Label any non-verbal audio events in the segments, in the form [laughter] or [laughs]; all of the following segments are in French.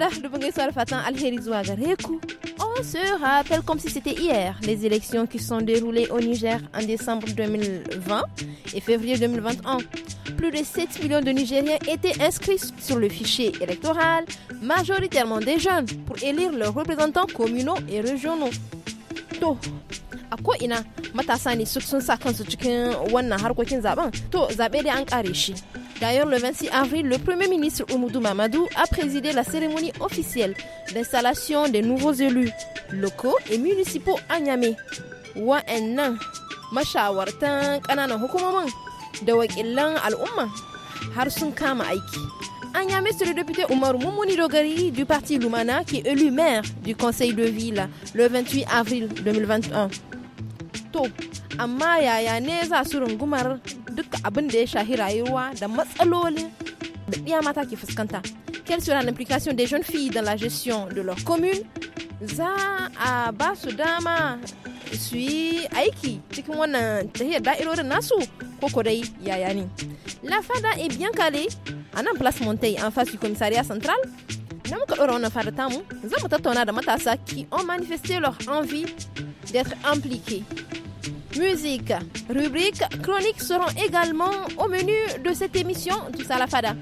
On se rappelle comme si c'était hier les élections qui sont déroulées au Niger en décembre 2020 et février 2021. Plus de 7 millions de Nigériens étaient inscrits sur le fichier électoral, majoritairement des jeunes, pour élire leurs représentants communaux et régionaux. To, a D'ailleurs, le 26 avril, le Premier ministre Oumoudou Mamadou a présidé la cérémonie officielle d'installation des nouveaux élus locaux et municipaux à Niamey. macha mashawartan kanana hukumaman, da wakilan al'umma har sun kama aiki. c'est le député Omar Moumouni Dogari du parti Lumana qui est élu maire du conseil de ville le 28 avril 2021. Top, amaya yaya neza duka abin da ya shahi rayuwa da matsalolin da iya mata ke fuskanta quelle sera l'implication des jeunes filles dans la gestion de leur commune za a ba su dama su yi aiki cikin wannan tahiyar da'irorin nasu ko ko yaya ne la fada est bien calée a nan place montaigne en face du commissariat central Namu muka ɗora wannan fada tamu za mu tattauna da matasa qui ont manifesté leur envie d'être impliqués musique. Rubrique chronique seront également au menu de cette émission de Salafada.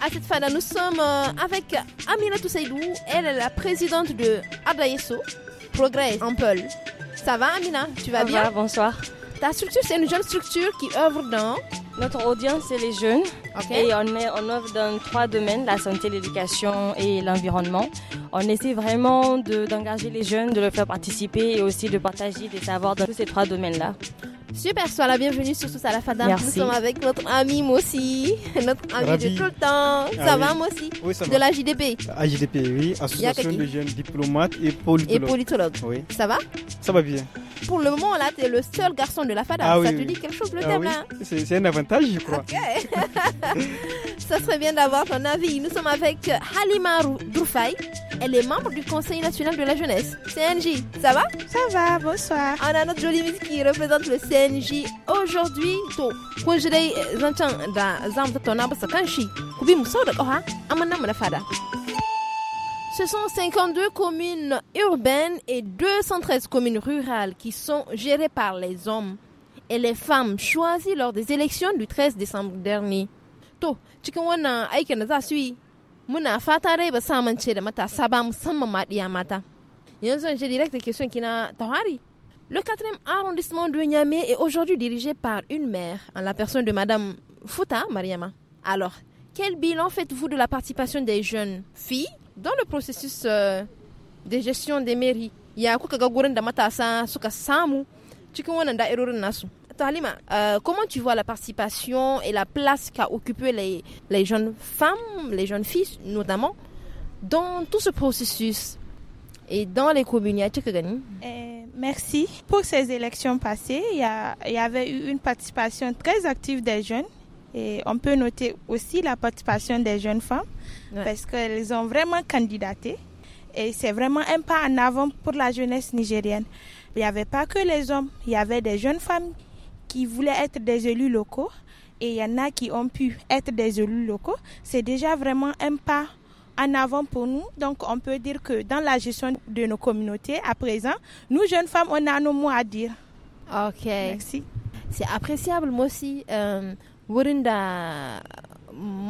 À cette fada, nous sommes euh, avec Amina Toussaidou. Elle est la présidente de Progress Progrès Peul. Ça va, Amina Tu vas bien Bonsoir. Ta structure, c'est une jeune structure qui œuvre dans Notre audience, c'est les jeunes. Et on, met en œuvre dans trois domaines, la santé, l'éducation et l'environnement. On essaie vraiment d'engager les jeunes, de leur faire participer et aussi de partager des savoirs dans tous ces trois domaines-là. Super soir, la bienvenue sur Tous à la Fada. Nous sommes avec notre ami Mossi, notre ami de tout le temps. Ah ça va, oui. De la JDP. oui, Association de jeunes diplomates et politologues. Ça va Ça va bien. Pour le moment, là, tu es le seul garçon de la Fada. Ah ça te dit quelque chose, le ah là C'est un avantage, je crois. [laughs] ça serait bien d'avoir ton avis. Nous sommes avec Halima Doufay. Elle est membre du Conseil national de la jeunesse, CNJ. Ça va Ça va, bonsoir. On a notre jolie musique qui représente le CNJ. PNJ aujourd'hui to kun ji dai eh, zancen da za mu tattauna basa kan shi ku bi mu sau da ƙawa mu na fada Ce sont 52 communes urbaines et 213 communes rurales qui sont gérées par les hommes et les femmes choisies lors des élections du 13 décembre dernier. To, cikin wannan aikin da za su yi, muna fata dai ba samance da mata, ba musamman ma mata. Yanzu je direct da ke son kina tawari. Le quatrième arrondissement de Niamey est aujourd'hui dirigé par une maire, en la personne de Madame Fouta Mariama. Alors, quel bilan faites-vous de la participation des jeunes filles dans le processus euh, de gestion des mairies comment tu vois la participation et la place qu'a occupé les, jeunes femmes, les jeunes filles notamment, dans tout ce processus et dans les communautés merci. Pour ces élections passées, il y, avait eu une participation très active des jeunes. Et on peut noter aussi la participation des jeunes femmes parce qu'elles ont vraiment candidaté. Et c'est vraiment un pas en avant pour la jeunesse nigérienne. Il n'y avait pas que les hommes, il y avait des jeunes femmes qui voulaient être des élus locaux et il y en a qui ont pu être des élus locaux. C'est déjà vraiment un pas en avant pour nous. Donc, on peut dire que dans la gestion de nos communautés, à présent, nous, jeunes femmes, on a nos mots à dire. Ok. Merci. C'est appréciable, moi aussi. Euh,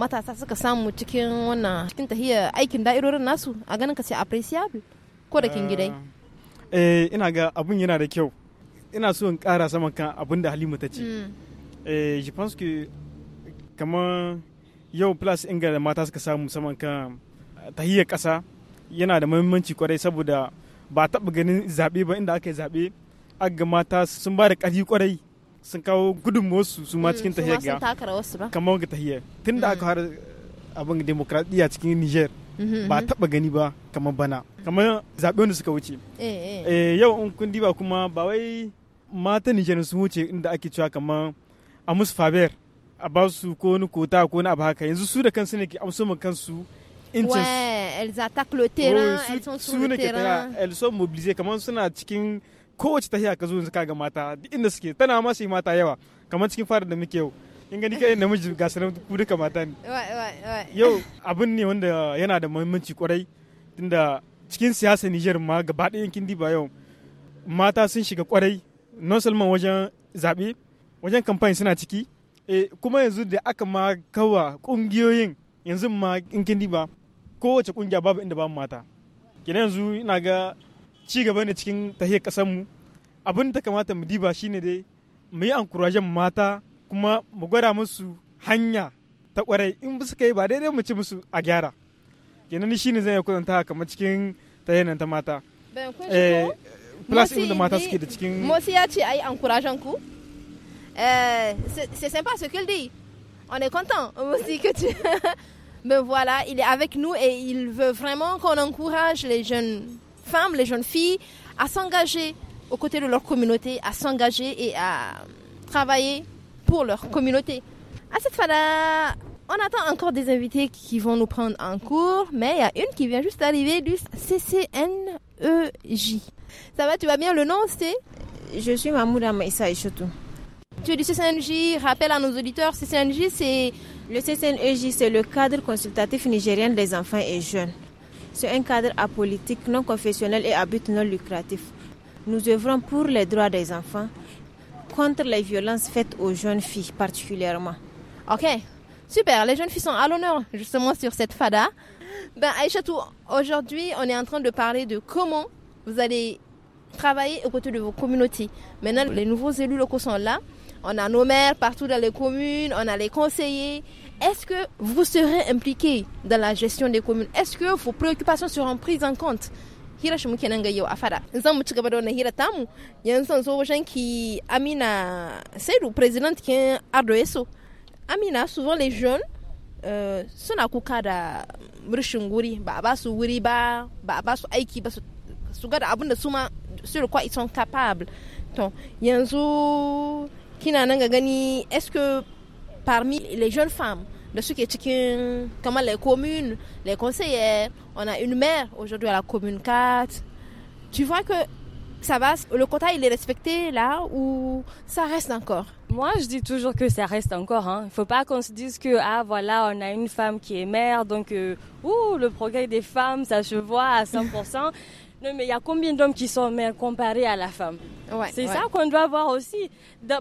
matasa suka samu cikin wannan cikin tahiyar aikin da'irorin nasu a ganin ka sai appreciable ko da kin gidai eh ina ga abun yana da kyau ina so in kara saman kan abun da Halima ta ce hmm. eh je pense que comment yo plus inga da mata suka samu saman kan tahiyar ƙasa yana da mahimmanci kwarai saboda ba taɓa ganin zaɓe ba inda aka yi zaɓe aga mata sun ba da ƙari kwarai sun kawo gudunmuwarsu su ma mm, cikin tahiyar ga kamar ga tahiyar tun da aka har mm. abin demokradiyya cikin niger mm-hmm, ba mm-hmm. taɓa gani ba kamar bana kamar zaɓe wanda suka wuce eh, eh. Eh, yau in kun diba kuma ba wai mata niger sun wuce inda ake cewa kamar amus faber a ba su ko wani kota ko wani abu haka yanzu su da kansu ne ke amso kansu ouais, elles attaquent le terrain, elles sont sur le terrain. Elles sont mobilisées suna cikin kowace tahiya ka zo yanzu kaga mata duk inda suke tana ma su mata yawa kamar cikin fara da muke yau in gani kai namiji ga ku duka mata ne yau abin ne wanda yana da muhimmanci kwarai tunda cikin siyasa Niger ma gaba ɗaya yankin diba yau mata sun shiga kwarai non salman wajen wajen suna ciki kuma yanzu da aka ma kawa ƙungiyoyin yanzu ma diba kowace kungiya babu inda babu mata kenan yanzu ina ga ci gaba ne cikin tahiyar kasar mu abin da kamata mu diba shine dai mu yi ankurajen mata kuma mu gwada musu hanya ta kwarai in ba su yi ba daidai mu ci musu a gyara kenan shine zan yi kwatanta kamar cikin tahiyar ta mata eh, plus où mata suke da cikin Moi ya ce as encourageant ku eh c'est sympa ce qu'il dit. On est content aussi que tu. [laughs] Mais voilà, il est avec nous et il veut vraiment qu'on encourage les jeunes femmes, les jeunes filles à s'engager aux côtés de leur communauté, à s'engager et à travailler pour leur communauté. À cette fois-là, on attend encore des invités qui vont nous prendre en cours, mais il y a une qui vient juste d'arriver du CCNEJ. Ça va, tu vas bien Le nom, c'est Je suis Mamouda Maïssa Ishotou. Tu es du CCNJ, rappelle à nos auditeurs, c'est... Le CCNEJ c'est le cadre consultatif nigérien des enfants et jeunes. C'est un cadre apolitique, non confessionnel et à but non lucratif. Nous œuvrons pour les droits des enfants, contre les violences faites aux jeunes filles particulièrement. Ok, super, les jeunes filles sont à l'honneur justement sur cette fada. Ben Aïchatou, aujourd'hui on est en train de parler de comment vous allez travailler aux côtés de vos communautés. Maintenant, les nouveaux élus locaux sont là on a nos maires partout dans les communes, on a les conseillers. Est-ce que vous serez impliqués dans la gestion des communes Est-ce que vos préoccupations seront prises en compte hirarshi muke nan ga yau a zan mu ci gaba da wannan hira tamu yanzu zan zo wajen ki Amina Saidu president kin Ardoyeso Amina souvent les jeunes euh, suna kuka da rashin wuri ba a ba su wuri ba ba a ba su aiki ba su ga da abin da su ma sur quoi ils sont capables to yanzu kina est-ce que parmi les jeunes femmes de qui comment les communes, les conseillères, on a une mère aujourd'hui à la commune 4. Tu vois que ça va, le quota il est respecté là ou ça reste encore Moi je dis toujours que ça reste encore. Hein. Il ne faut pas qu'on se dise que ah voilà on a une femme qui est mère donc euh, le progrès des femmes ça se voit à 100%. Non, mais il y a combien d'hommes qui sont mères comparés à la femme C'est ça qu'on doit voir aussi.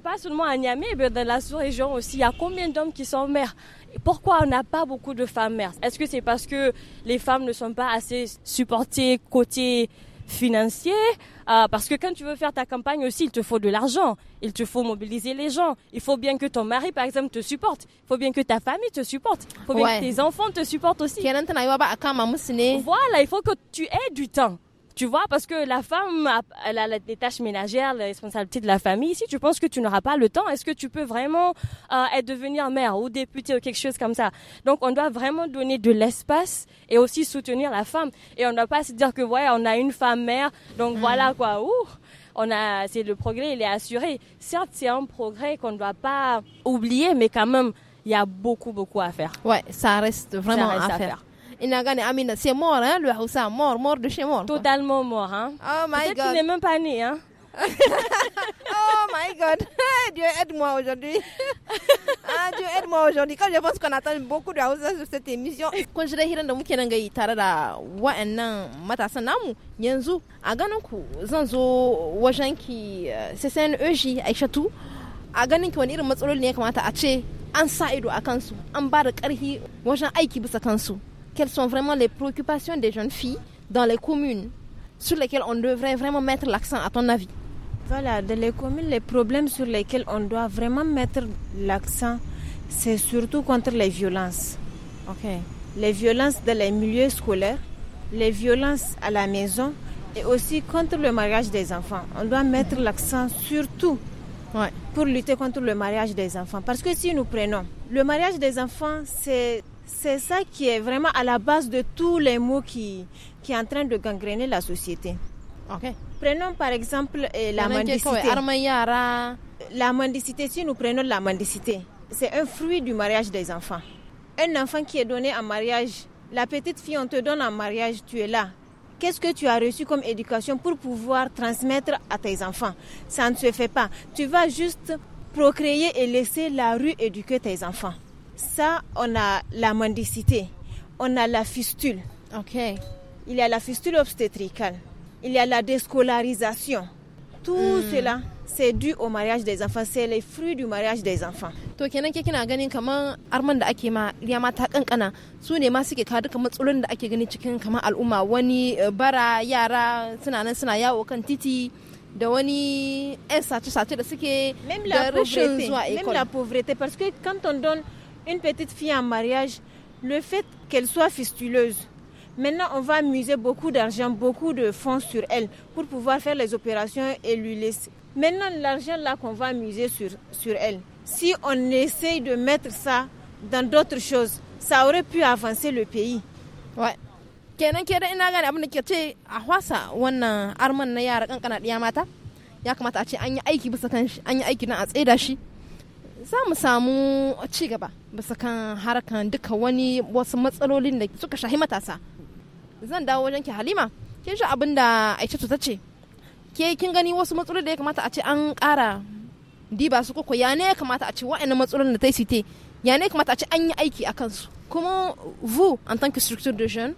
pas seulement à Niamey, mais dans la sous-région aussi. Il y a combien d'hommes qui sont mères Pourquoi on n'a pas beaucoup de femmes mères Est-ce que c'est parce que les femmes ne sont pas assez supportées côté financier euh, Parce que quand tu veux faire ta campagne aussi, il te faut de l'argent. Il te faut mobiliser les gens. Il faut bien que ton mari, par exemple, te supporte. Il faut bien que ta famille te supporte. Il faut bien que tes enfants te supportent aussi. Voilà, il faut que tu aies du temps. Tu vois, parce que la femme, elle a des tâches ménagères, les responsabilités de la famille. Si tu penses que tu n'auras pas le temps, est-ce que tu peux vraiment euh, être devenir mère ou députée ou quelque chose comme ça Donc, on doit vraiment donner de l'espace et aussi soutenir la femme. Et on ne doit pas se dire que, ouais, on a une femme mère, donc mm. voilà quoi. Ouh on a, c'est le progrès, il est assuré. Certes, c'est un progrès qu'on ne doit pas oublier, mais quand même, il y a beaucoup, beaucoup à faire. Ouais, ça reste vraiment à, faire. Inagane Amina, c'est mort, hein, le Hausa, mort, mort de chez mort. Totalement mort, hein. Oh my god. Tu n'es même pas né, hein. [laughs] oh my god, Dieu aide-moi aujourd'hui. [laughs] ah, Dieu aide-moi aujourd'hui. Quand je pense qu'on attend beaucoup de Hausa sur cette émission. Eh, quand je dirais que muke nan gai tare da wa'annan matasan namu yanzu a ganin ku zan zo wajen ki euh, sayan Oji e Aishatu a ganin ki wani irin matsaloli ne ya kamata a ce an sa ido a kansu an ba da karhi wajen aiki bisa kansu quelles sont vraiment les préoccupations des jeunes filles dans les communes sur lesquelles on devrait vraiment mettre l'accent, à ton avis Voilà, dans les communes, les problèmes sur lesquels on doit vraiment mettre l'accent, c'est surtout contre les violences. Ok. Les violences dans les milieux scolaires, les violences à la maison et aussi contre le mariage des enfants. On doit mettre l'accent surtout ouais. pour lutter contre le mariage des enfants. Parce que si nous prenons, le mariage des enfants, c'est c'est ça qui est vraiment à la base de tous les mots qui, qui est en train de gangréner la société. Prenons par exemple eh, la mendicité. La mendicité, si nous prenons la mendicité, c'est un fruit du mariage des enfants. Un enfant qui est donné en mariage, la petite fille, on te donne en mariage, tu es là. Qu'est-ce que tu as reçu comme éducation pour pouvoir transmettre à tes enfants Ça ne se fait pas. Tu vas juste procréer et laisser la rue éduquer tes enfants. Ça, on a la mendicité, on a la fistule. Ok. Il y a la fistule obstétricale, il y a la déscolarisation. Tout mm. cela, c'est dû au mariage des enfants, c'est les fruits du mariage des enfants. To kenan ke kina ganin kaman arman da ake ma ya mata kankana su ne ma suke kawo duka matsalolin da ake gani cikin kaman al'umma wani eh, bara yara suna nan suna yawo kan titi da wani 'yan sace-sace da suke da rashin zuwa école. Même la pauvreté parce que quand on donne une petite fille en mariage, le fait qu'elle soit fistuleuse, maintenant on va amuser beaucoup d'argent, beaucoup de fonds sur elle pour pouvoir faire les opérations et lui laisser. Maintenant, l'argent là qu'on va amuser sur, sur elle, si on essaye de mettre ça dans d'autres choses, ça aurait pu avancer le pays. za mu samu ci gaba bisa kan harkan duka wani wasu matsalolin da suka shahi matasa zan dawo wajen ki halima kin sha abin da aishatu ta ce ke kin gani wasu matsalolin da ya kamata a ce an ƙara diba su koko ya ne ya kamata a ce wa'ina matsalolin da ta yi ya ne ya kamata a ce an yi aiki a kansu kuma vu en tant que structure de jeune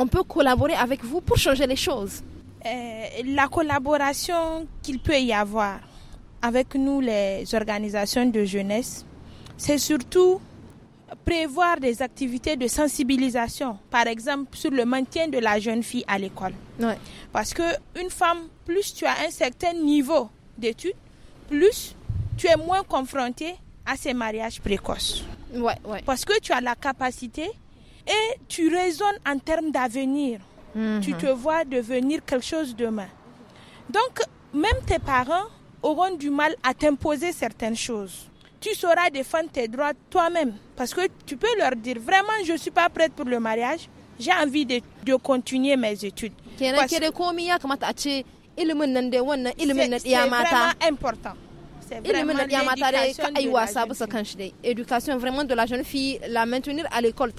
on peut collaborer avec vous pour changer les choses eh, la collaboration qu'il peut y avoir avec nous les organisations de jeunesse, c'est surtout prévoir des activités de sensibilisation, par exemple sur le maintien de la jeune fille à l'école. Parce que une femme, plus tu as un certain niveau d'études, plus tu es moins confrontée à ces mariages précoces. Parce que tu as la capacité et tu raisonnes en termes d'avenir. Tu mhm. te vois devenir quelque chose demain. Donc, même tes parents auront du mal à t'imposer certaines choses. Tu sauras défendre tes droits toi-même parce que tu peux leur dire vraiment je ne suis pas prête pour le mariage, j'ai envie de, de, continuer mes études. C'est vraiment important. C'est vraiment de la jeune fille, la maintenir à l'école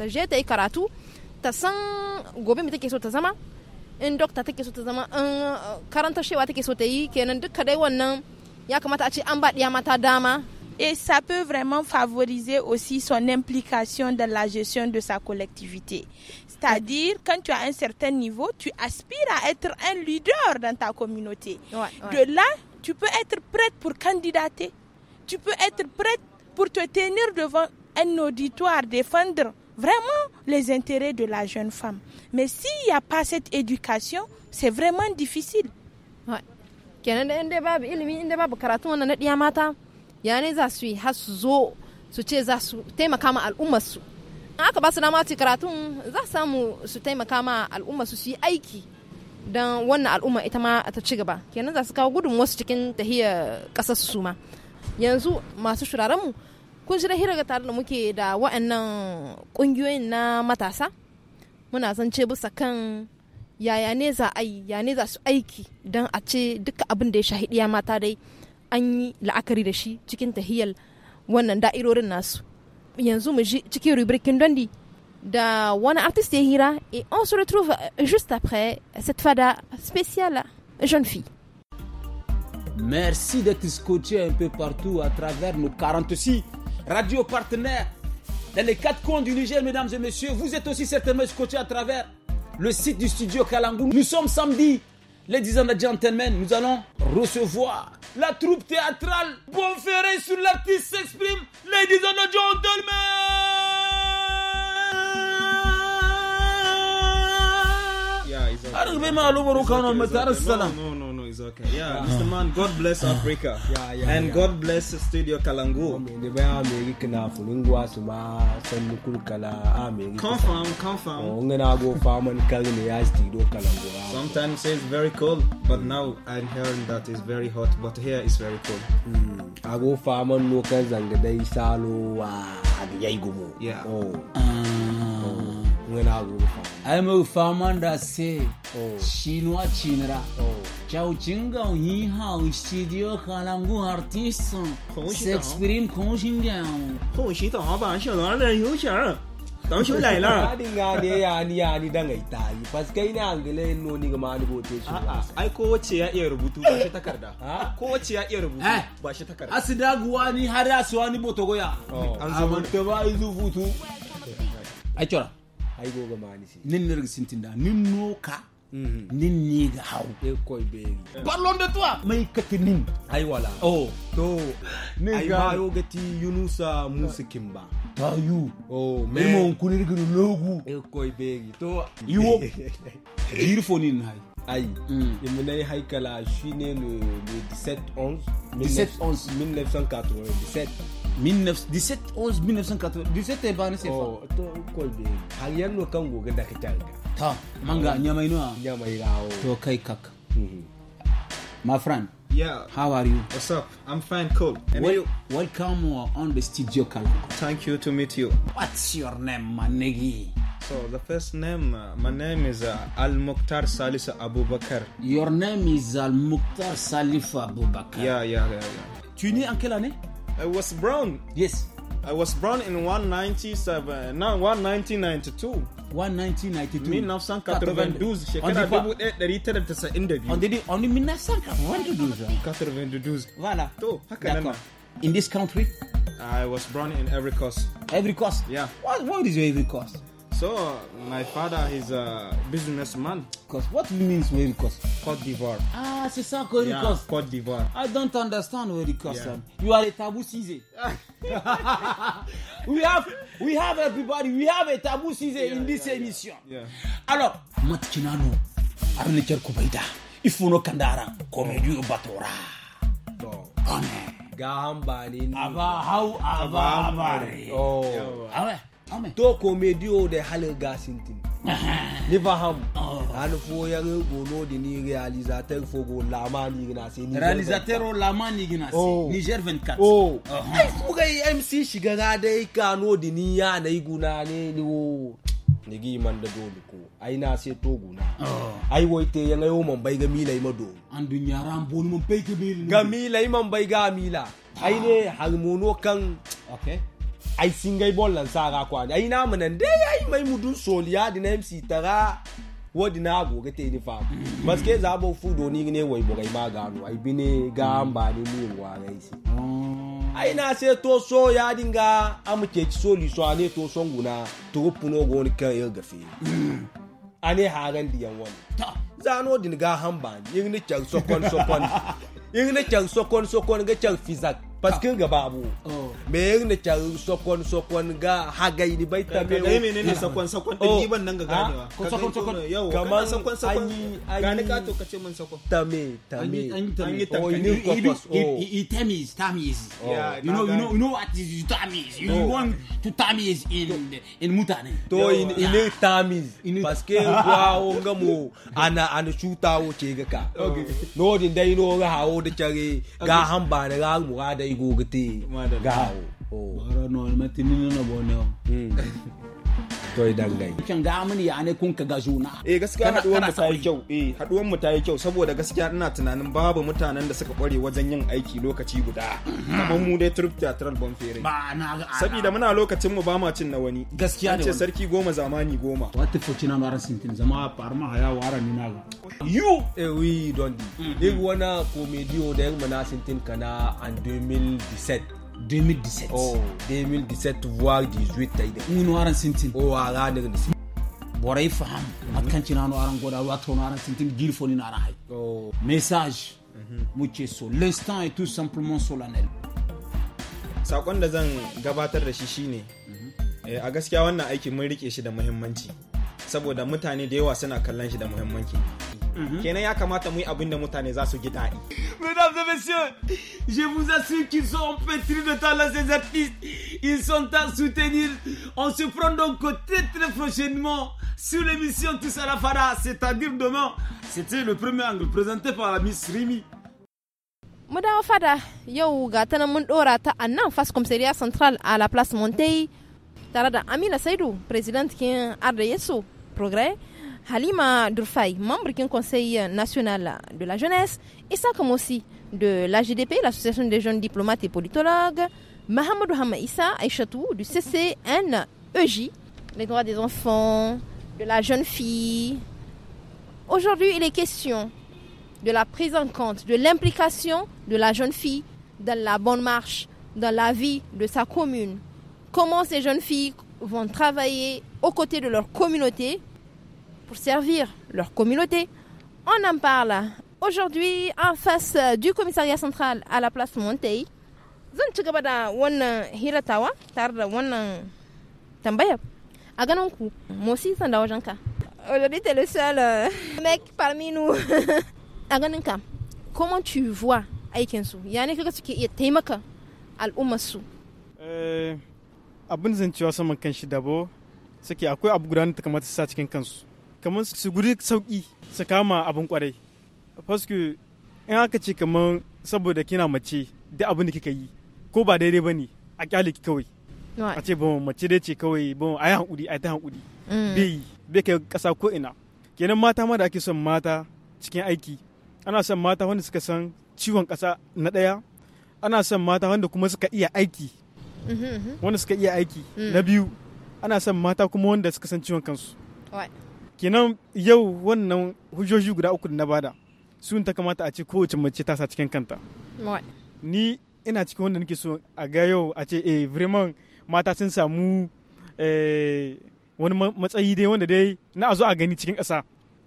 et ça peut vraiment favoriser aussi son implication dans la gestion de sa collectivité. C'est-à-dire, quand tu as un certain niveau, tu aspires à être un leader dans ta communauté. De là, tu peux être prête pour candidater. Tu peux être prête pour te tenir devant un auditoire, défendre vraiment les intérêts de la jeune femme. Mais s'il n'y a pas cette éducation, c'est vraiment difficile. kenan da inda babu ilimi inda babu karatu wannan na ɗiya mata ya ne za su yi har su zo su ce za su taimaka ma al'ummar su in aka ba su dama su karatu za su samu su taimaka ma al'ummar su su yi aiki don wannan al'umma ita ma ta ci gaba kenan za su kawo gudun wasu cikin tahiyar kasar su ma yanzu masu shuraren mu kun shirya hira tare da muke da wa'annan ƙungiyoyin na matasa muna zance bisa kan yaya ne za a yi ya ne za su aiki don a ce duka abin da ya shahidiya mata dai an yi la'akari da shi cikin tahiyar wannan da'irorin nasu yanzu mu ji cikin rubrikin dondi da wani artist ya hira et on se retrouve juste après cette fada spéciale jeune fille Merci d'être scotché un peu partout à travers nos 46 radios partenaires dans les quatre coins du Niger, mesdames et messieurs. Vous êtes aussi certainement scotché à travers le site du studio Kalangou. Nous sommes samedi. Ladies and gentlemen, nous allons recevoir la troupe théâtrale Bonferré sur l'artiste s'exprime. Ladies and gentlemen. is okay. Yeah, Mr. Man, God bless Africa. Yeah, yeah. And yeah. God bless Studio Kalangu. Confirm, confirm. Oh, Sometimes it's very cold, but mm. now I'm hearing that it's very hot, but here it's very cold. Mm. I go farm on local Zangadei Salo, ah, Adiyai Gumu. Yeah. Oh. Um. ŋmenaagu ame famanda se chinua chinra tchau chingão yinhao estudio halangu artista se exprime com xingão 后洗澡吧，小男人有钱儿，咱修来了。Adi ngani ya ni ya ni dan gaitayi pas kai ne an gele no ni ga mani bote shi A'a, ai kowace ya iya rubutu ba shi takarda. Kowace ya iya rubutu ba shi takarda. asidaguwani hada suwani botogoya Oh. An zubar. amantaba izu futu ai chora hay go ga si. nin nerg sintinda nin noka mhm. nin ni ga hau e koy beri parlons de toi may kati nin hay wala oh to nin ga ayo gati yunusa musa kimba tayu oh e me mo kunir gnu logu e koy beri to iwo [laughs] jir fonin hay ay iminay mm. e hay kala shine le 17 11 17 11 1997 17 11 17 bana sefa oh to kolbe hal yanno kango ganda ka tanga ta manga uh, ino nyama irao to kai kaka mhm. my friend Yeah. How are you? What's up? I'm fine, cool. And well, you? Welcome uh, the studio, Kalanko. Thank you to meet you. What's your name, Manegi? So the first name, uh, my name is uh, Al Mukhtar Your name is Al Mukhtar Salif Yeah, yeah, yeah, yeah. Tu es né en quelle année? I was born. Yes. I was born in 197, non, 1992. 1992. in this country i was born in every cost every cost yeah what, what is your every cost so my father is a businessman. Cause what means where it Cote d'Ivoire. Ah, c'est ça Where yeah, Cote d'Ivoire. I don't understand where it cost. Yeah. You are a taboo season. [laughs] we have we have everybody. We have a taboo season yeah, in this yeah, émission. Yeah. Alors, matkinano arne cher kubaida. Ifuno kandara komedi batora. Oh. Gahambani. Aba how aba abari. Oh. Yeah. to de da halin gasintin [laughs] ni faham oh. an foyar gono da ni réalisateur fogo lama ni gina sai ni realizateur o lama ni gina sai oh. niger 24 oh uh-huh. ai su ga mc shiga ga dai kano de ni ya na yi guna ne ni wo ni gi man da dole ko ayi na se to guna oh. ai wai te yan ayo man bai ga mila ma do an dunya an bonu man bai ga mila ga mila man bai ga mila ayi ah. ne harmono kan okay ai gai bollan ga kwani ai namu nan dai ai mai mudun soliya di na MC tara wodi na goga te ni fa maske za bo fu do ni ne wai bogai ma no ai bine b'a ni ni wa raisi mm. ai na se to so ya dinga ke ci soli so ane to so nguna to no go ni kan yel gafe ane won ta za zano din ga han ba ni chang kon so kon [laughs] ni chang so kon ga chang fizak parce ah. que nga babu oh. me yin da kyaru sokon sokon ga hagai ni bai ta me ne sokon sokon din giban oh. nan ga ah? ko sokon sokon kaman sokon sokon ga ni ka to ka ce sokon tame tame an yi tame it tamiz tamiz you know you know you know what is tamiz you oh. want to tamiz in in mutane to in in parce que [laughs] wa onga mo ana ana chuta o ce ga ka no din dai no ga hawo da kare ga hamba da ga mu ga igu gati gahaw mara oh. no mati na to dangane. kin ga amini ya ne kun ka ga zuna. eh gaskiya haduwar mu ta yi kyau eh haduwar mu ta yi kyau saboda gaskiya ina tunanin babu mutanen da suka kware wajen yin aiki lokaci guda mhm. kamar mu dai trip theatral ban fere ba na saboda muna lokacin mu ba ma cin na wani gaskiya ne ce sarki goma zamani goma wata focina mara sintin zama farma haya wara ni ga. you eh oui dondi mhm. duk wana o da yan mana sintin kana and 2017 2017 oh 2017 voire 18 ida ngunu aran sintin o oh, ala daga dis boray faham matkan mhm. cinano aran goda wato to aran sintin gil foni na aran hay oh message mhm. muchesso l'instant est tout simplement solennel sakon da zan gabatar da shi shine mhm. eh, a gaskiya wannan aiki mun rike shi da muhimmanci saboda mutane da yawa suna kallon shi da muhimmanci mhm. kenan ya kamata mu yi abin da mutane za su ji daɗi. Mesdames et messieurs, je vous assure qu'ils sont pétris de talent ces artistes. Ils sont à soutenir. On se prend donc très très prochainement sur l'émission Tous à la Fara, c'est-à-dire demain. C'était le premier angle présenté par la Miss Rimi. Madame Fada, yo, gata na mun dora ta anan face seria centrale à la place Montey. Tarada Amina qui est un Ardeyeso Progrès, Halima Durfay, membre du Conseil national de la jeunesse, et ça comme aussi de l'AGDP, l'Association des jeunes diplomates et politologues, Mahamadou Hama Issa Aïchatou du CCNEJ, les droits des enfants, de la jeune fille. Aujourd'hui, il est question de la prise en compte, de l'implication de la jeune fille dans la bonne marche, dans la vie de sa commune, comment ces jeunes filles vont travailler aux côtés de leur communauté pour servir leur communauté. On en parle aujourd'hui en face euh, du commissariat central à la place Montey. Zan ci da wannan hiratawa da wannan A Mosi Aujourd'hui, le seul euh, [laughs] mec parmi nous. [laughs] comment tu vois Aïkensou Il y a kaga chose qui taimaka al'ummar su? Euh, abin zancewa saman kan shi dabo Sake akwai abu guda ta kamata su sa cikin kansu kamar su guri sauki su kama abin kwarai fasku in aka ce kamar saboda kina mace da abin da kika yi ko ba daidai ba ne a kyale ki kawai a ce bon mace dai ce kawai bon a yi hankuri a yi ta hankuri mm. bai bai kai kasa ko ina kenan mata ma da ake son mata cikin aiki ana son mata wanda suka san ciwon kasa na ɗaya ana son mata wanda kuma suka iya aiki Mm-hmm, mm-hmm. wanda suka iya aiki mm. na biyu ana son mata kuma wanda suka san ciwon kansu kenan yau wannan hujjoji guda uku da na bada sun ta kamata a ce kowace mace ta sa cikin kanta ni ina cikin wanda nake so a ga yau a ce eh vraiment mata sun samu eh, wani matsayi dai wanda dai na a zo a gani cikin ƙasa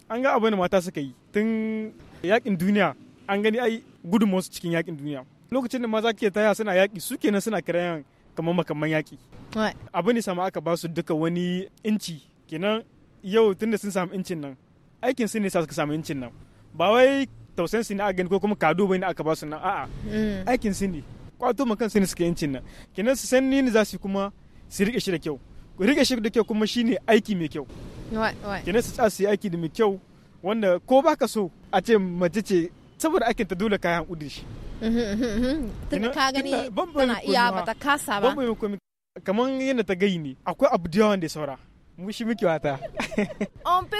an ga abin da mata suka yi tun yakin duniya an gani ai gudunmawarsu cikin yakin duniya lokacin da maza ke taya suna yaƙi su kenan suna kiran kamar makamman yaƙi abu ne sama aka ba su duka wani inci kenan yau tunda sun samu incin nan aikin su ne sa suka samu incin nan ba wai tausayin su ne a gani ko kuma kado bane aka ba su nan a'a mm. aikin su ne kwato makan su ne suka incin nan kenan su san ne za su kuma su rike shi da kyau rike shi da kyau kuma shine aiki mai kyau kenan su tsaya su yi aiki da mai kyau wanda ko baka so a ce mace ce saboda aikin ta dole kayan udin shi on peut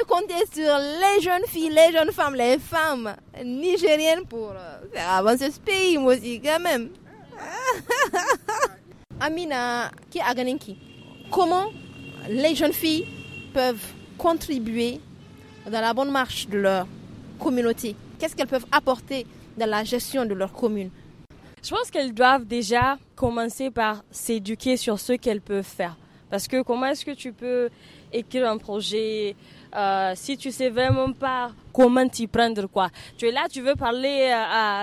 compter sur les jeunes filles les jeunes femmes les femmes nigériennes pour faire avancer ce pays moi aussi quand même [laughs] Amina qui a gagné comment les jeunes filles peuvent contribuer dans la bonne marche de leur communauté qu'est-ce qu'elles peuvent apporter dans la gestion de leur commune. Je pense qu'elles doivent déjà commencer par s'éduquer sur ce qu'elles peuvent faire. Parce que comment est-ce que tu peux écrire un projet, euh, si tu sais vraiment pas comment t'y prendre quoi. Tu es là, tu veux parler euh,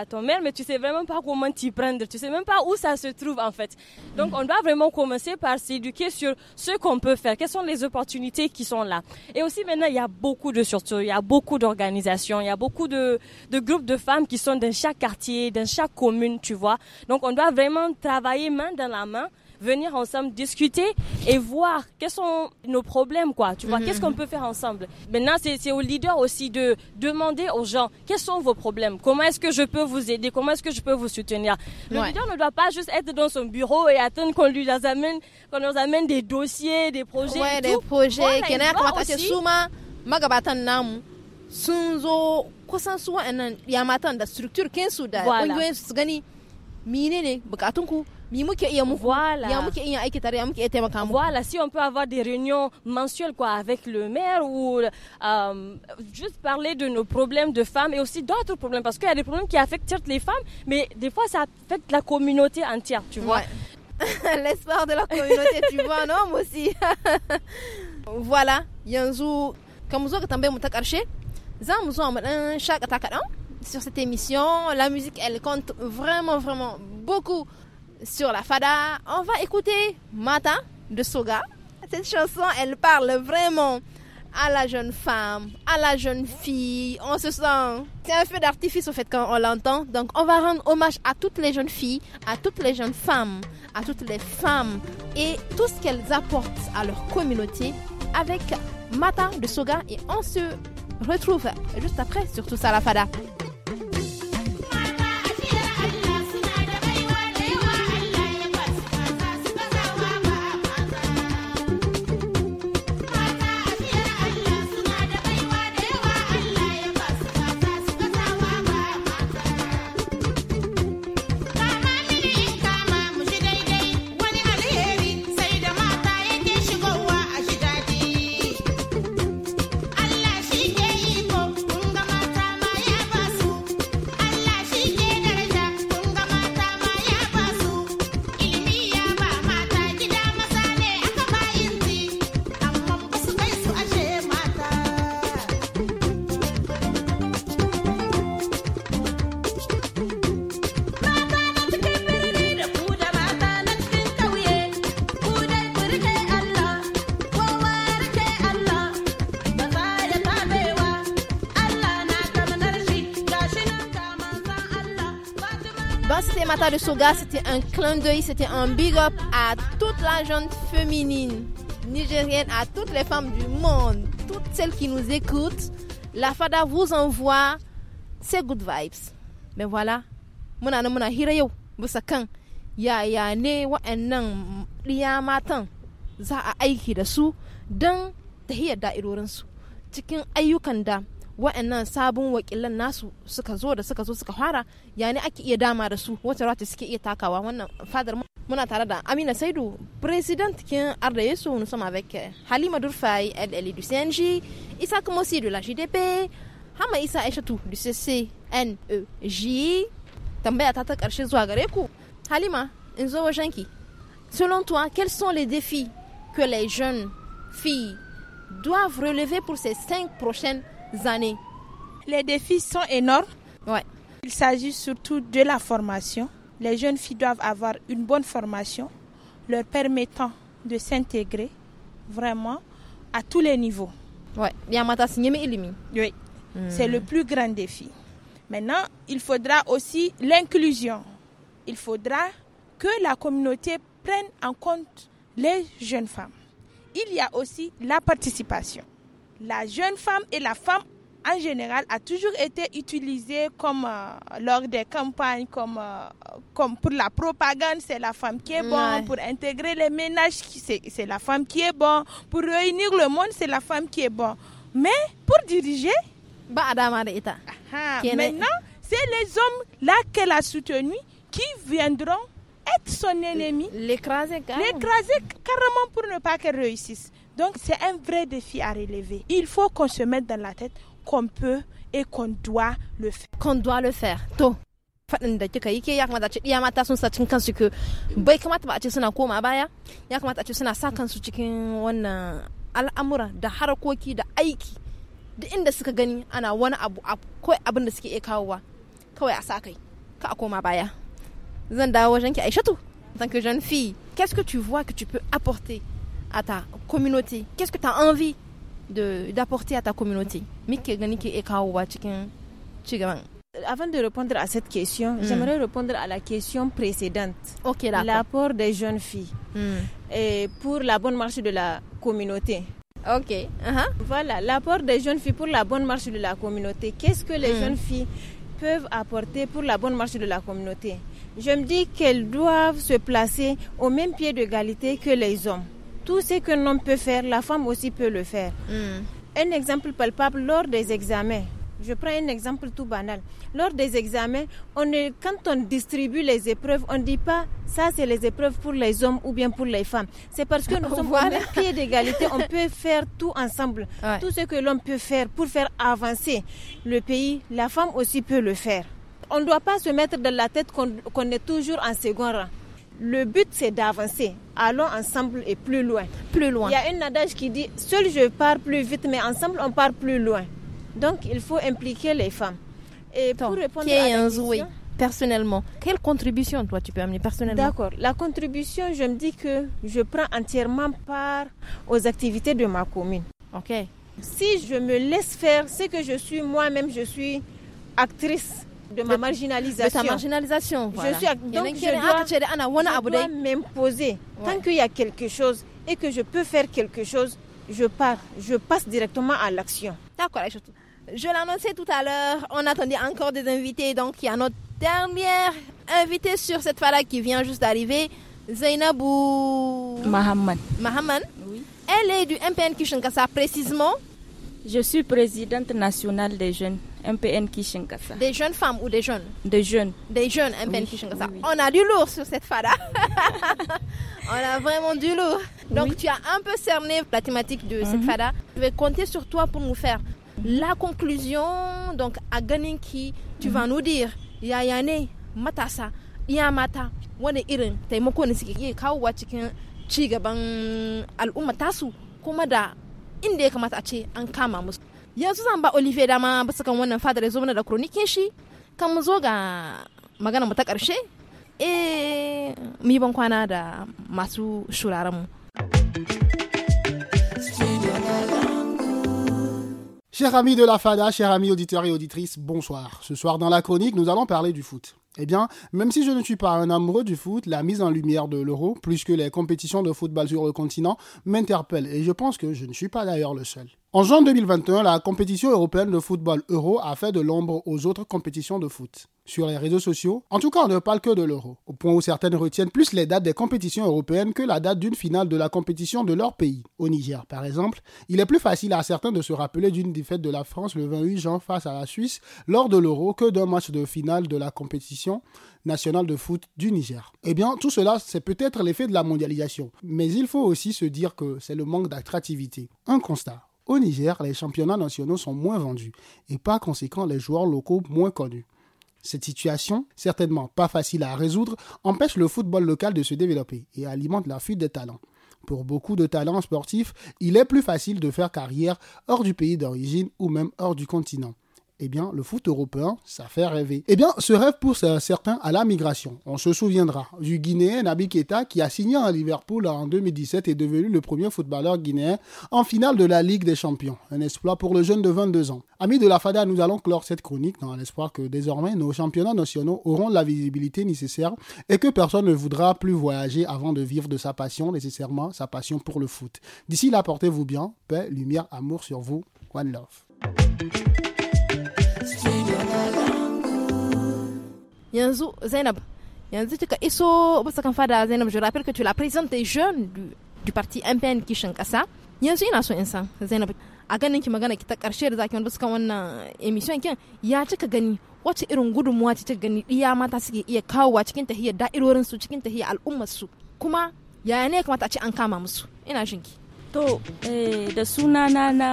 à ton mère, mais tu sais vraiment pas comment t'y prendre. Tu sais même pas où ça se trouve en fait. Donc on doit vraiment commencer par s'éduquer sur ce qu'on peut faire, quelles sont les opportunités qui sont là. Et aussi maintenant il y a beaucoup de surtout, il y a beaucoup d'organisations, il y a beaucoup de, de groupes de femmes qui sont dans chaque quartier, dans chaque commune, tu vois. Donc on doit vraiment travailler main dans la main venir ensemble discuter et voir quels sont nos problèmes, quoi. Tu vois, mhm. qu'est-ce qu'on peut faire ensemble. Maintenant, c'est au leader aussi de demander aux gens quels sont vos problèmes, comment est-ce que je peux vous aider, comment est-ce que je peux vous soutenir. Le leader ne doit pas juste être dans son bureau et attendre qu'on lui amène, qu'on nous amène des dossiers, des projets. et des projets. Voilà, su structure kinsu da gani mine ne voilà si on peut avoir des réunions mensuelles quoi avec le maire ou euh, juste parler de nos problèmes de femmes et aussi d'autres problèmes parce qu'il y a des problèmes qui affectent les femmes mais des fois ça affecte la communauté entière tu vois [laughs] l'espoir de la communauté tu vois un homme aussi [laughs] voilà yanzu comme sur cette émission la musique elle compte vraiment vraiment beaucoup sur la Fada. On va écouter Mata de Soga. Cette chanson, elle parle vraiment à la jeune femme, à la jeune fille. On se sent. C'est un feu d'artifice au fait quand on l'entend. Donc on va rendre hommage à toutes les jeunes filles, à toutes les jeunes femmes, à toutes les femmes et tout ce qu'elles apportent à leur communauté avec Mata de Soga. Et on se retrouve juste après sur tout ça la fada. de Soga, c'était un clin d'œil, c'était un big up à toute la jeune féminine nigérienne, à toutes les femmes du monde, toutes celles qui nous écoutent. La Fada vous envoie ses good vibes. Mais ben voilà, muna na Hirayo. hira yau ya kan yaya ne wa'annan ɗiya matan za a aiki da su don tahiyar su. cikin ayyukan da wa'annan sabon wakilan nasu suka zo da suka zo suka fara yani ake iya dama da su wata rata suke iya takawa wannan fadar muna tare da Amina Saidu president kin RDS nous sommes avec Halima durfai elle, elle est du CNJ de la JDP Hama Isa Aishatu du CCNEJ tambaya ta ta karshe zuwa gare ku Halima in zo wajenki Selon toi, quels sont les défis que les jeunes filles doivent relever pour ces cinq prochaines années. Les défis sont énormes. Il s'agit surtout de la formation. Les jeunes filles doivent avoir une bonne formation leur permettant de s'intégrer vraiment à tous les niveaux. Oui, hmm. c'est le plus grand défi. Maintenant, il faudra aussi l'inclusion. Il faudra que la communauté prenne en compte les jeunes femmes. Il y a aussi la participation la jeune femme et la femme en général a toujours été utilisée comme euh, lors des campagnes comme euh, comme pour la propagande c'est la femme qui est bonne pour intégrer les ménages c'est la femme qui est bonne pour réunir le monde c'est la femme qui est bonne mais pour diriger bah maintenant c'est les hommes là qu'elle a soutenu qui viendront être son ennemi l'écraser carrément pour ne pas qu'elle réussisse donc c'est un vrai défi à relever. Il faut qu'on se mette dans la tête qu'on peut et qu'on doit le faire. Qu'on doit le faire, tôt. faɗin da kika yi ke ya kamata ce iya mata sun sa cikin kansu ke bai kamata ba a ce suna koma baya ya kamata a ce suna sa kansu cikin wannan al'amura da harkoki da aiki da inda suka gani ana wani abu akwai abin da suke iya kawowa kawai a sa kai ka a koma baya zan dawo wajen ki aishatu tant que jeune fille qu'est-ce que tu vois que tu peux apporter à ta communauté Qu'est-ce que tu as envie d'apporter à ta communauté avant de répondre à cette question, hmm. j'aimerais répondre à la question précédente. L'apport des jeunes filles hmm. et pour la bonne marche de la communauté. Ok. Uh-huh. Voilà, l'apport des jeunes filles pour la bonne marche de la communauté. Qu'est-ce que les hmm. jeunes filles peuvent apporter pour la bonne marche de la communauté Je me dis qu'elles doivent se placer au même pied d'égalité que les hommes. Tout ce que l'homme peut faire, la femme aussi peut le faire. Hmm. Un exemple palpable lors des examens. Je prends un exemple tout banal. Lors des examens, on est, quand on distribue les épreuves, on ne dit pas ça c'est les épreuves pour les hommes ou bien pour les femmes. C'est parce que nous [laughs] sommes voilà. au pied d'égalité, on peut faire tout ensemble. Tout ce que l'homme peut faire pour faire avancer le pays, la femme aussi peut le faire. On ne doit pas se mettre dans la tête qu'on est toujours en second rang. Le but, c'est d'avancer. Allons ensemble et plus loin. Plus loin. Il y a un adage qui dit Seul je pars plus vite, mais ensemble, on part plus loin. Donc, il faut impliquer les femmes. Et pour répondre à la question, personnellement, quelle contribution toi tu peux amener personnellement D'accord. La contribution, je me dis que je prends entièrement part aux activités de ma commune. Ok. Si je me laisse faire c'est que je suis moi-même, je suis actrice de ma marginalisation. De ta marginalisation. Je suis, donc je dois, ah, m'imposer. Tant qu'il y a quelque chose et que je peux faire quelque chose, je pars, je passe directement à l'action. D'accord, je l'annonçais tout à l'heure, on attendait encore des invités, donc il y a notre dernière invitée sur cette fala qui vient juste d'arriver, Zainabou Mahaman. Mahaman Oui. Elle est du MPN Kishankasa précisément. Je suis présidente nationale des jeunes MPN Kishinkasa. Des jeunes femmes ou des jeunes Des jeunes. Des jeunes MPN oui, Kishinkasa. Oui, oui. On a du lourd sur cette fada. [laughs] On a vraiment du lourd. Donc tu as un peu cerné la thématique de cette mhm. fada. Je vais compter sur toi pour nous faire la conclusion. Donc à Ganinki, tu vas mhm. nous dire Yayane, Matasa, Yamata, Wane Irin, Taimoko Nisiki, Kawa Chicken, Chigaban, Al-Umatasu, Komada. inda ya kamata a ce an kama yanzu zan Olivier dama wannan shi Chers amis de la FADA, chers amis auditeurs et auditrices, bonsoir. Ce soir dans la chronique, nous allons parler du foot. Eh bien, même si je ne suis pas un amoureux du foot, la mise en lumière de l'euro, plus que les compétitions de football sur le continent, m'interpelle et je pense que je ne suis pas d'ailleurs le seul. En juin 2021, la compétition européenne de football euro a fait de l'ombre aux autres compétitions de foot. Sur les réseaux sociaux, en tout cas, on ne parle que de l'euro, au point où certaines retiennent plus les dates des compétitions européennes que la date d'une finale de la compétition de leur pays. Au Niger, par exemple, il est plus facile à certains de se rappeler d'une défaite de la France le 28 juin face à la Suisse lors de l'euro que d'un match de finale de la compétition nationale de foot du Niger. Eh bien, tout cela, c'est peut-être l'effet de la mondialisation, mais il faut aussi se dire que c'est le manque d'attractivité. Un constat. Au Niger, les championnats nationaux sont moins vendus et par conséquent les joueurs locaux moins connus. Cette situation, certainement pas facile à résoudre, empêche le football local de se développer et alimente la fuite des talents. Pour beaucoup de talents sportifs, il est plus facile de faire carrière hors du pays d'origine ou même hors du continent eh bien, le foot européen, ça fait rêver. Eh bien, ce rêve pousse euh, certains à la migration. On se souviendra du Guinéen Nabi Keita qui a signé à Liverpool en 2017 et est devenu le premier footballeur guinéen en finale de la Ligue des Champions. Un exploit pour le jeune de 22 ans. Amis de la FADA, nous allons clore cette chronique dans l'espoir que désormais nos championnats nationaux auront la visibilité nécessaire et que personne ne voudra plus voyager avant de vivre de sa passion, nécessairement sa passion pour le foot. D'ici là, portez-vous bien. Paix, lumière, amour sur vous. One love. yanzu zainab yanzu kika iso basa kan fada zainab je rappelle que tu la présidente des jeunes du, du parti MPN kishin kasa yanzu ina so in san zainab a ganin ki magana ki ta karshe da zaki wanda suka wannan emission kin ya cika gani wace irin gudunmuwa ce kika gani iya mata suke iya kawowa cikin tahiyar da'irorin su cikin tahiyar al'ummar su kuma yaya ne ya kamata a ce an kama musu ina shin ki to eh, da sunana na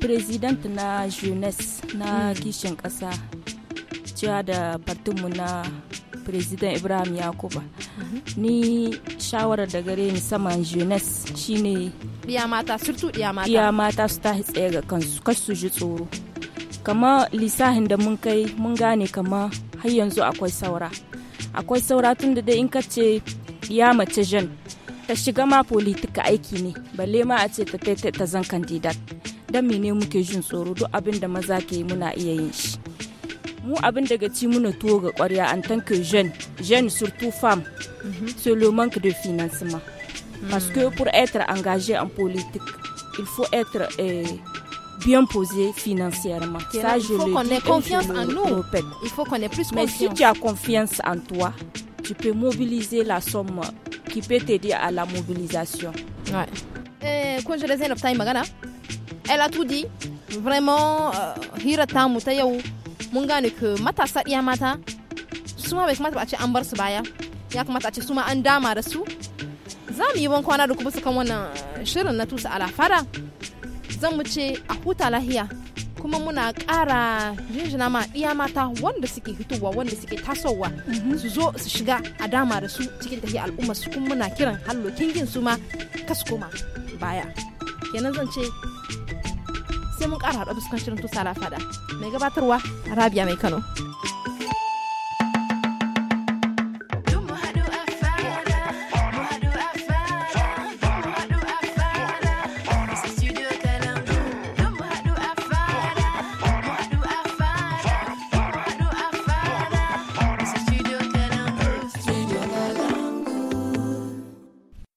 president na jeunesse na kishin kasa cewa da batunmu na president ibrahim yakuba mhm. ni shawarar da gare ni saman jeunesse shine iya mata surtu iya mata su ta tsaye ga kansu su ji tsoro kama lisahin da mun kai mun gane kama har yanzu akwai saura akwai saura tun da dai in ka ce ya mace jan ta shiga ma politika aiki ne balle ma a ce ta ta zan kandidat don mene muke jin tsoro duk abin da maza ke muna iya yin shi mu abin daga ci jeune jeune surtout femme c'est le manque de financement parce que pour être engagé en politique il faut être eh, bien posé financièrement. Ça, il faut qu'on ait confiance en nous. Il faut qu'on ait plus Mais confiance. Mais si tu as confiance en toi, tu peux mobiliser la somme qui peut t'aider à la mobilisation. Ouais. Eh, quand je elle a tout dit. Vraiment, euh, mun gane ka matasa ɗiya mata su ma bai kamata ba a ce an bar su baya ya kamata a ce su ma an dama da su za mu yi ban kwana da kuma su kan wannan shirin na tusa alafara zan mu ce a huta lahiya kuma muna kara jinjina ma ɗiya mata wanda suke hitowa wanda suke tasowa mhm. su zo su shiga a dama da su cikin tafiya al'umma su kuma muna kiran hallo kingin su ma kas koma baya kenan zan ce sai mun ƙara haɗa fuskacin tusa lafada mai gabatarwa rabia mai kano